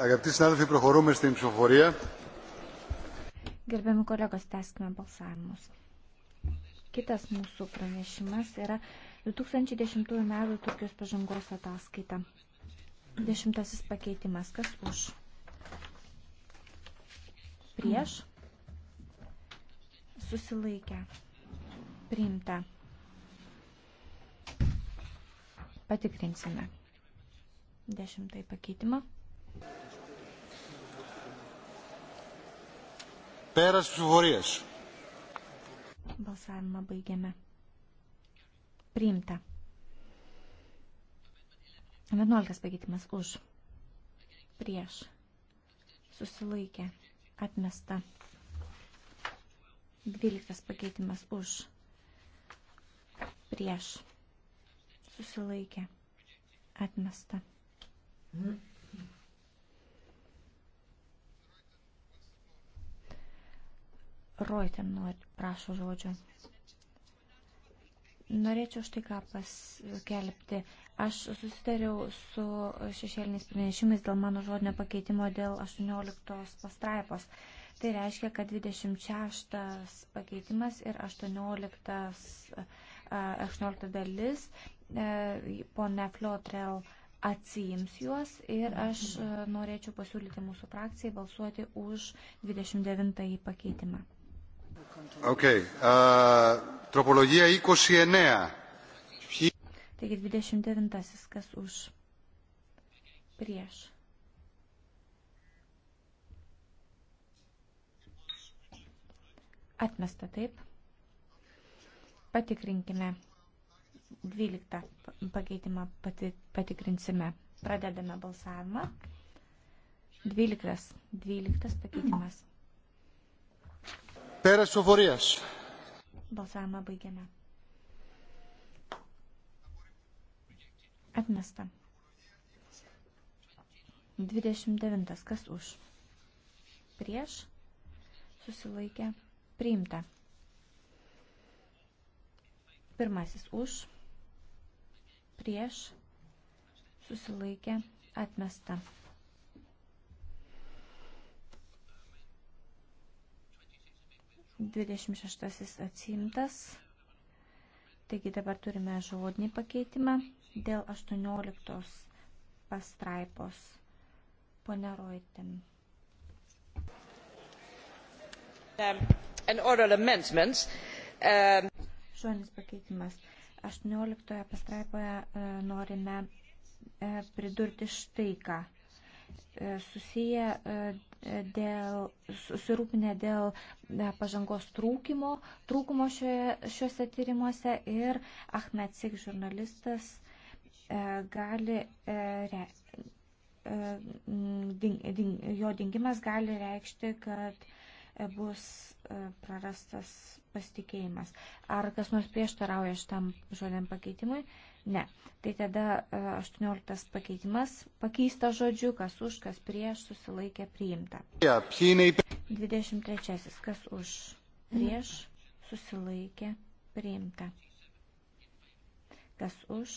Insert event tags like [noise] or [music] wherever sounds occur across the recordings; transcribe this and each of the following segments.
Αγαπητοί συνάδελφοι, προχωρούμε στην ψηφοφορία. Gerbiami kolegos, tęskime balsavimus. Kitas mūsų pranešimas yra 2010 m. Turkijos pažangos ataskaita. Dešimtasis pakeitimas. Kas už? Prieš? Susilaikę. Priimta. Patikrinsime. Dešimtai pakeitimą. Πέρας ψηφορίας. Balsavimą baigiame. Priimta. 11 pakeitimas už. Prieš. Susilaikė. Atmesta. 12 pakeitimas už. Prieš. Susilaikė. Atmesta. Mm. Roiten nori, prašo žodžio. Norėčiau štai ką paskelbti. Aš susitariau su šešėliniais pranešimais dėl mano žodinio pakeitimo dėl 18 pastraipos. Tai reiškia, kad 26 pakeitimas ir 18, 18 dalis e, po nefliotrel atsijims juos ir aš e, norėčiau pasiūlyti mūsų frakcijai balsuoti už 29 pakeitimą. Okay. Uh, Τροπολογία 29. Taigi 29. Kas už? Prieš. Atmesta taip. Patikrinkime. 12 pakeitimą pati, patikrinsime. Pradedame balsavimą. 12. 12 pakeitimas. Pėras Uvorijas. Balsavimą baigiame. Atmesta. 29. Kas už? Prieš. Susilaikė. Priimta. Pirmasis už. Prieš. Susilaikė. Atmesta. 26 atsimtas. Taigi dabar turime žodinį pakeitimą dėl 18 pastraipos. Pone Roitin. Um, um, Žodinis pakeitimas. 18 pastraipoje uh, norime uh, pridurti štai ką. Uh, susiję dėl, susirūpinę dėl e, pažangos trūkimo, trūkumo šioje, šiuose tyrimuose ir Ahmed Sik žurnalistas e, gali, e, re, ding, ding, jo dingimas gali reikšti, kad bus prarastas pasitikėjimas. Ar kas nors prieštarauja šitam žodėm pakeitimui? Ne. Tai tada 18 e, pakeitimas pakeista žodžiu, kas už, kas prieš, susilaikė priimta. 23. Kas už, prieš, susilaikė priimta. Kas už,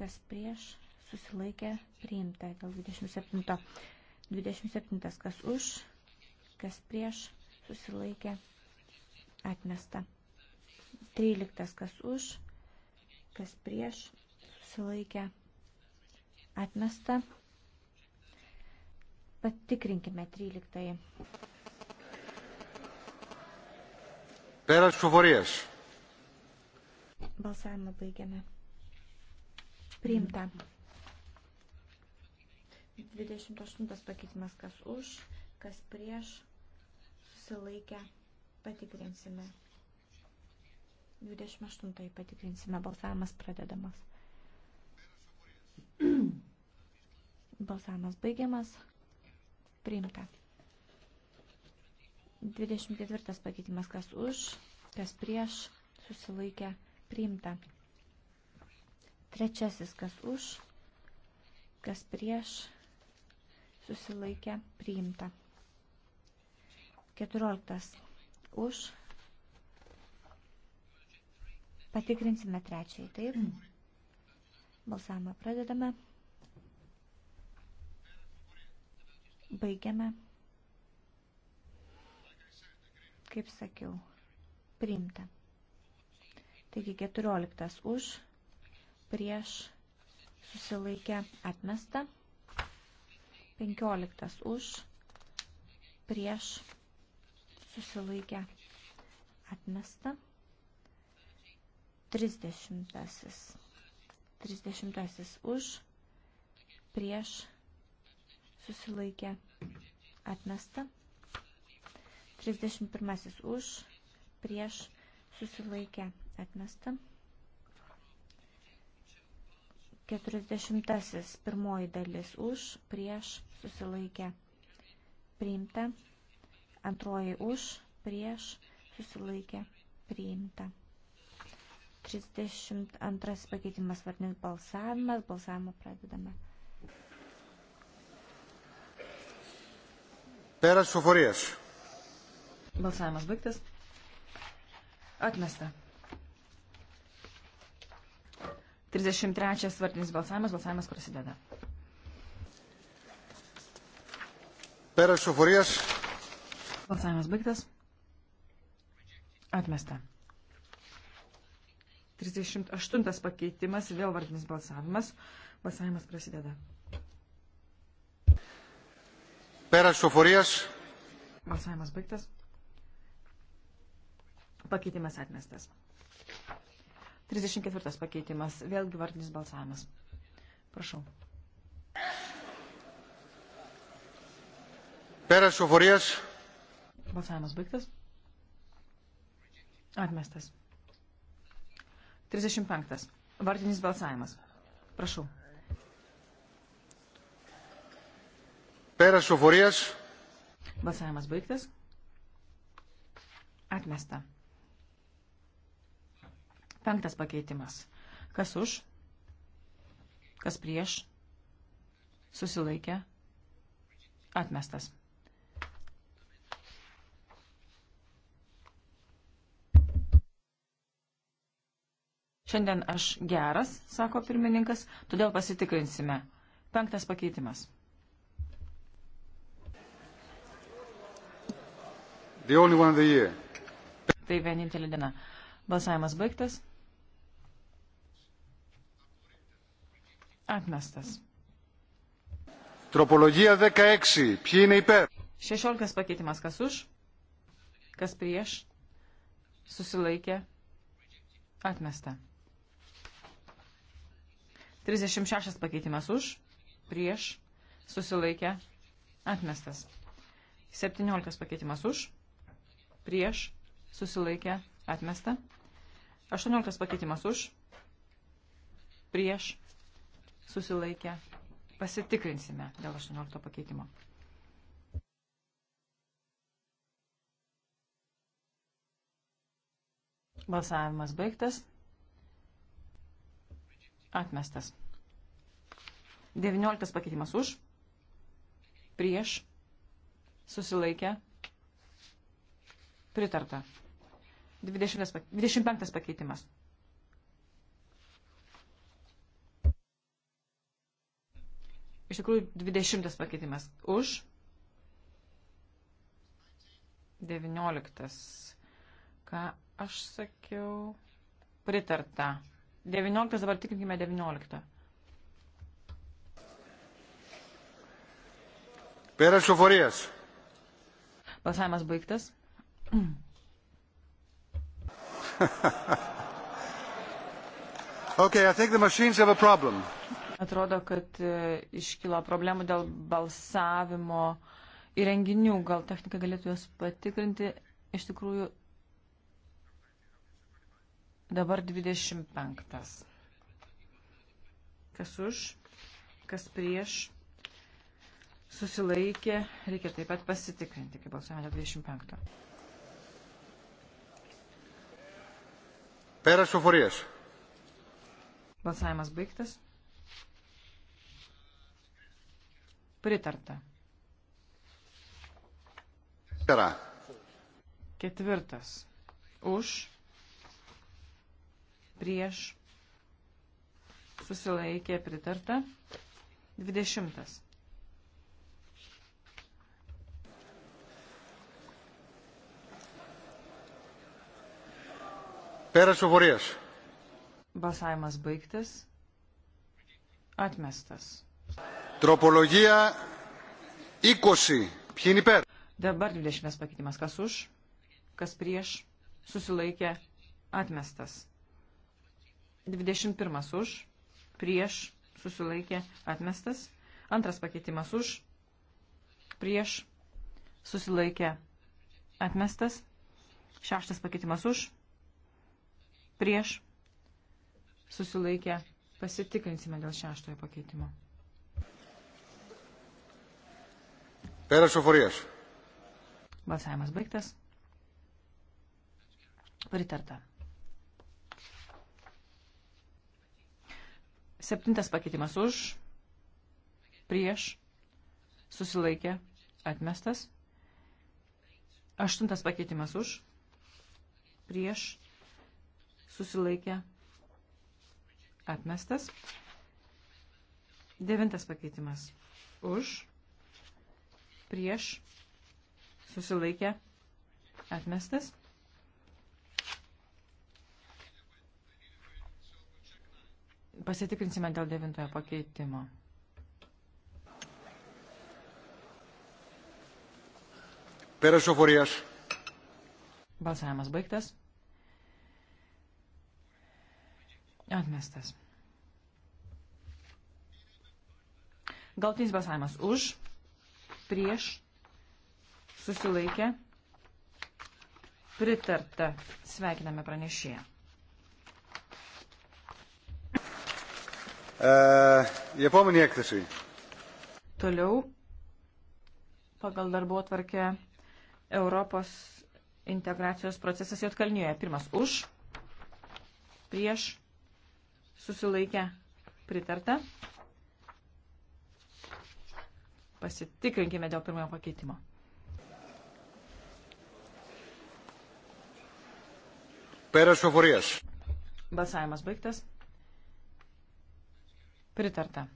kas prieš, susilaikė priimta. Gal 27. 27. Kas už, kas prieš, susilaikė atmesta. 13. Kas už, kas prieš, susilaikę, atmesta. Patikrinkime 13. Pėras Šuvorės. Balsavimą baigiame. Priimta. 28 pakeitimas kas už, kas prieš, susilaikę, patikrinsime. 28 patikrinsime, balsavimas pradedamas. Balsavimas baigiamas. Priimta. 24 pakeitimas, kas už, kas prieš, susilaikė, priimta. Trečiasis, kas už, kas prieš, susilaikė, priimta. 14. Už. Patikrinsime trečiai, taip. Balsavimą pradedame. Baigiame. Kaip sakiau, priimta. Taigi 14 už, prieš, susilaikę, atmesta. 15 už, prieš, susilaikę, atmesta. 30. 30 už, prieš, susilaikę, atmesta Atmesta. 31 už, prieš, susilaikę, atmesta. 40 pirmoji dalis už, prieš, susilaikę, priimta. Antroji už, prieš, susilaikę, priimta. 32 pakeitimas vardinis balsavimas, balsavimą pradedame. Peras Soforijas. Balsavimas baigtas. Atmesta. 33 svartinis balsavimas. Balsavimas prasideda. Peras Soforijas. Balsavimas baigtas. Atmesta. 38 pakeitimas, vėl vardinis balsavimas. Balsavimas prasideda. Peras šoforijas. Balsavimas baigtas. Pakeitimas atmestas. 34 pakeitimas. Vėlgi vardinis balsavimas. Prašau. Peras šoforijas. Balsavimas baigtas. Atmestas. 35. Vardinis balsavimas. Prašau. Peras Soforijas. Balsavimas baigtas. Atmesta. Penktas pakeitimas. Kas už? Kas prieš? Susilaikė. Atmestas. Šiandien aš geras, sako pirmininkas, todėl pasitikrinsime. Penktas pakeitimas. Tai vienintelė diena. Balsavimas baigtas. Atmestas. Tropologija 16. Ποιοι είναι υπέρ. 16 pakeitimas. Kas už? Kas prieš? Susilaikė. Atmesta. 36 pakeitimas už. Prieš. Susilaikė. Atmestas. 17 pakeitimas už prieš, susilaikė, atmesta. 18 pakeitimas už, prieš, susilaikė. Pasitikrinsime dėl 18 pakeitimo. Balsavimas baigtas. Atmestas. 19 pakeitimas už, prieš, susilaikė, Pritarta. 20, 25 pakeitimas. Iš tikrųjų, 20 pakeitimas. Už. 19. Ką aš sakiau? Pritarta. 19, dabar tikrinkime 19. Pėras šuforijas. Balsavimas baigtas. [laughs] okay, I think the machines have a problem. Atrodo, kad e, iškilo problemų dėl balsavimo įrenginių. Gal technika galėtų juos patikrinti. Iš tikrųjų, dabar 25. Kas už, kas prieš, susilaikė. Reikia taip pat pasitikrinti, kaip balsavimo 25. Πέρας οφορίας. Balsavimas baigtas. Pritarta. Pera. Ketvirtas. Už. Prieš. Susilaikė pritarta. Dvidešimtas. Pėras suvorės. Balsavimas baigtas. Atmestas. Tropologija 20. Pieni per. Dabar 20 pakeitimas. Kas už, kas prieš, susilaikė, atmestas. 21 už, prieš, susilaikė, atmestas. Antras pakeitimas už, prieš, susilaikė, atmestas. Šeštas pakeitimas už, prieš susilaikę. Pasitikrinsime dėl šeštojo pakeitimo. Pėras Šoforijas. Balsavimas baigtas. Pritarta. Septintas pakeitimas už, prieš, susilaikė, atmestas. Aštuntas pakeitimas už, prieš, susilaikė atmestas. Devintas pakeitimas. Už, prieš, susilaikė, atmestas. Pasitikrinsime dėl devintojo pakeitimo. Perašoforijas. Balsavimas baigtas. Atmestas. Galtinis balsavimas už, prieš, susilaikė, pritarta. Sveikiname pranešėją. E, Japonų niektašai. Toliau pagal darbo atvarkę Europos integracijos procesas Jotkalnijoje. Pirmas už, prieš, susilaikę pritarta. Pasitikrinkime dėl pirmojo pakeitimo. Pėras Šoforijas. Balsavimas baigtas. Pritarta.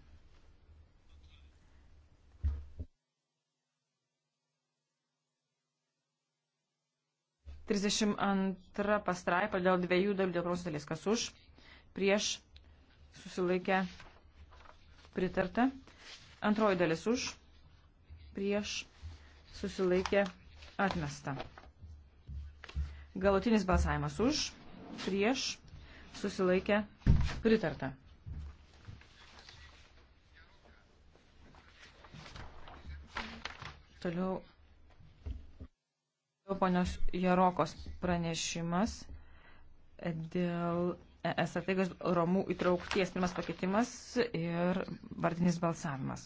Trisdešimt antra pastraipa dėl dviejų dalių dėl dalis. Kas už? Prieš susilaikė pritarta. Antroji dalis už, prieš, susilaikė atmesta. Galutinis balsavimas už, prieš, susilaikė pritarta. Toliau ponios Jarokos pranešimas dėl ES strategijos Romų įtraukties. Pirmas pakeitimas ir vardinis balsavimas.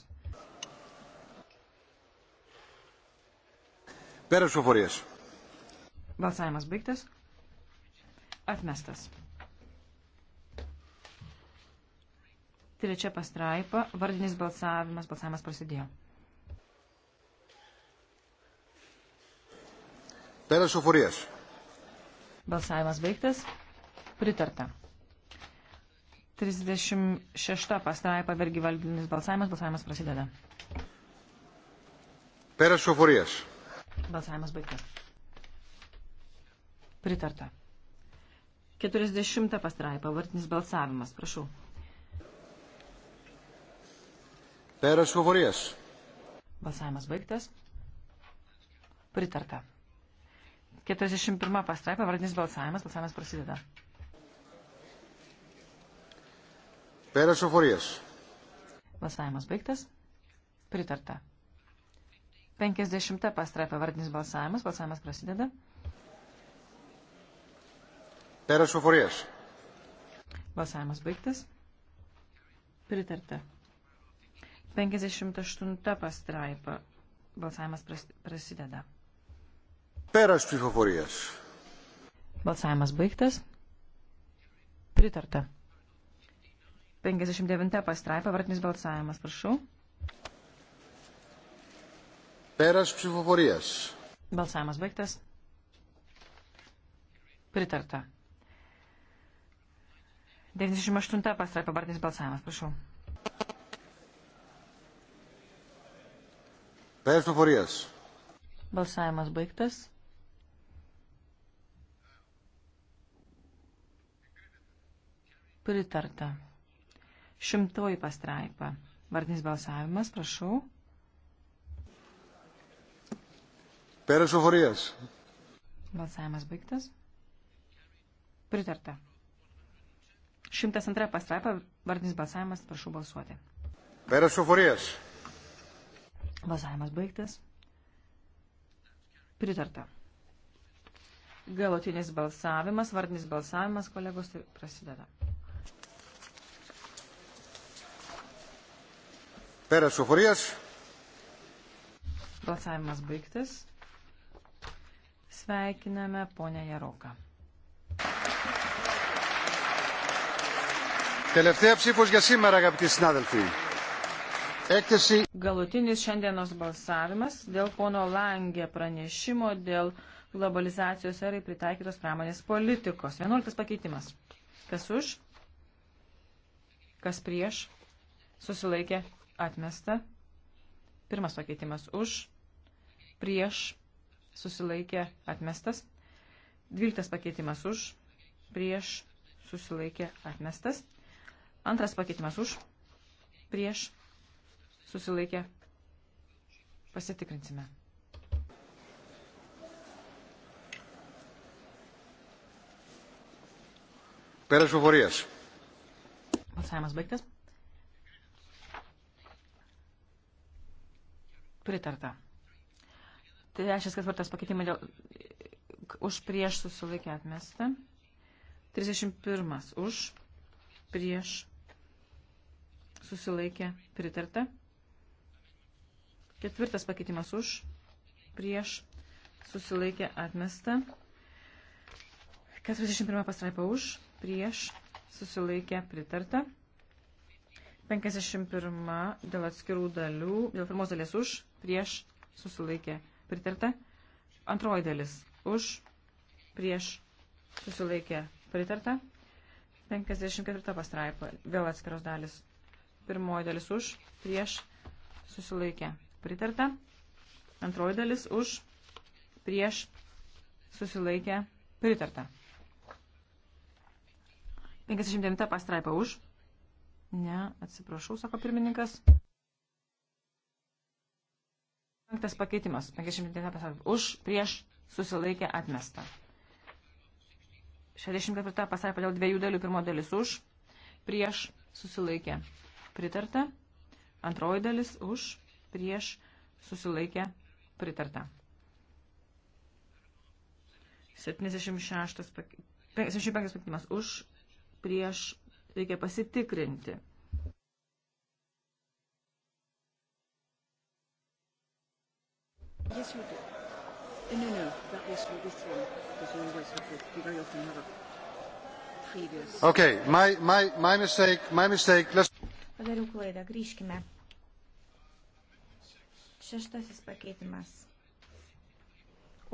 Pėras šoforės. Balsavimas baigtas. Atmestas. Trečia pastraipa. Vardinis balsavimas. Balsavimas prasidėjo. Pėras šoforės. Balsavimas baigtas. Pritarta. 36 pastraipa vergi valdinis balsavimas. Balsavimas prasideda. Pėras šoforijas. Balsavimas baigtas. Pritarta. 40 pastraipa vartinis balsavimas. Prašau. Pėras šoforijas. Balsavimas baigtas. Pritarta. 41 pastraipa vardinis balsavimas. Balsavimas prasideda. Pėras Šoforijas. Balsavimas baigtas. Pritarta. 50 pastraipa vardinis balsavimas. Balsavimas prasideda. Pėras Šoforijas. Balsavimas baigtas. Pritarta. 58 pastraipa. Balsavimas prasideda. Pėras Šoforijas. Balsavimas baigtas. Pritarta. 59 pastraipa, vartinis balsavimas, prašau. Peras psichoforijas. Balsavimas baigtas. Pritarta. 98 pastraipa, vartinis balsavimas, prašau. Peras psichoforijas. Balsavimas baigtas. Pritarta. Šimtoji pastraipa. Vardinis balsavimas, prašau. Pėras Oforijas. Balsavimas baigtas. Pritarta. 102 pastraipa, vardinis balsavimas, prašau balsuoti. Pėras Oforijas. Balsavimas baigtas. Pritarta. Galutinis balsavimas, vardinis balsavimas, kolegos, tai prasideda. Pėras Suforijas. Balsavimas baigtas. Sveikiname ponę Jaroką. Τελευταία ψήφος για σήμερα, αγαπητοί συνάδελφοι. Έκθεση... Galutinis šiandienos balsavimas dėl pono Langė pranešimo dėl globalizacijos erai pritaikytos pramonės politikos. 11 pakeitimas. Kas už? Kas prieš? Susilaikė? Atmesta. Pirmas pakeitimas už, prieš, susilaikė, atmestas. Dvyliktas pakeitimas už, prieš, susilaikė, atmestas. Antras pakeitimas už, prieš, susilaikė, pasitikrinsime. Pėras Žuvorijas. Balsavimas baigtas. Pritarta. Trečias ketvirtas pakeitimai dėl, už prieš susilaikę atmestą. 31 už prieš susilaikė pritarta. Ketvirtas pakeitimas už prieš susilaikė atmesta. 41 pastraipa už prieš susilaikė pritarta. 51 dėl atskirų dalių, dėl pirmos dalies už prieš, susilaikė, pritarta. Antroji dalis, už, prieš, susilaikė, pritarta. 54 pastraipa, vėl atskiros dalis. Pirmoji dalis už, prieš, susilaikė, pritarta. Antroji dalis už, prieš, susilaikė, pritarta. 59 pastraipa už. Ne, atsiprašau, sako pirmininkas. Penktas pakeitimas. 59 už, prieš, susilaikė, atmesta. 64 pasarpa dėl dviejų dalių. Pirmo dalis už, prieš, susilaikė, pritarta. Antroji dalis už, prieš, susilaikė, pritarta. 76 75 pakeitimas už, prieš, reikia pasitikrinti. Yes, you do. No, no, that was for this one, because you always have it. You very often have a previous... Okay, my, my, my mistake, my mistake, let's... Padariau klaidą, grįžkime. Šeštasis pakeitimas.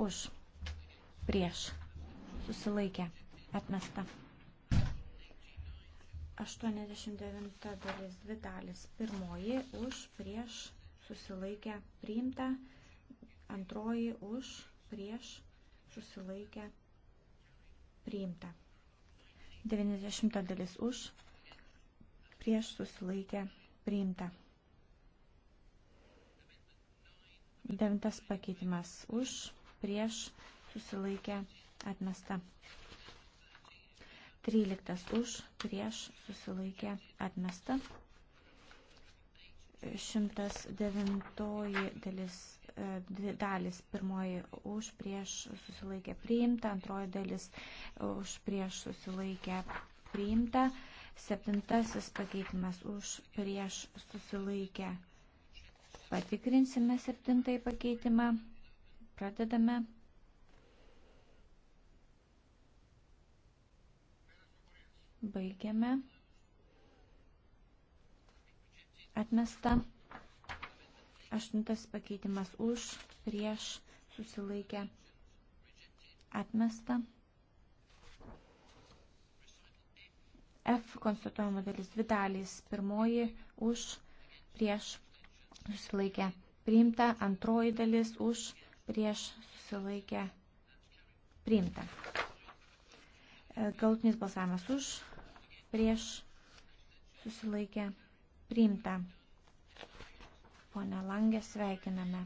Už. Prieš. Susilaikė. Atmesta. 89 dalis, dvi dalis. Pirmoji už, prieš, susilaikę, priimta. Antroji už, prieš, susilaikę, priimta. 90 dalis už, prieš, susilaikę, priimta. Devintas pakeitimas už, prieš, susilaikę, atmesta. Tryliktas už, prieš, susilaikė, atmesta. Šimtas devintoji dalis dvi dalis. Pirmoji už prieš susilaikę priimta, antroji dalis už prieš susilaikę priimta, septintasis pakeitimas už prieš susilaikę. Patikrinsime septintąjį pakeitimą. Pradedame. Baigiame. Atmesta. Aštuntas pakeitimas už, prieš, susilaikė, atmesta. F konstatuojama dalis dvi dalys. Pirmoji už, prieš, susilaikė, priimta. Antroji dalis už, prieš, susilaikė, priimta. E, galutinis balsavimas už, prieš, susilaikė, priimta. Pone Langė, sveikiname.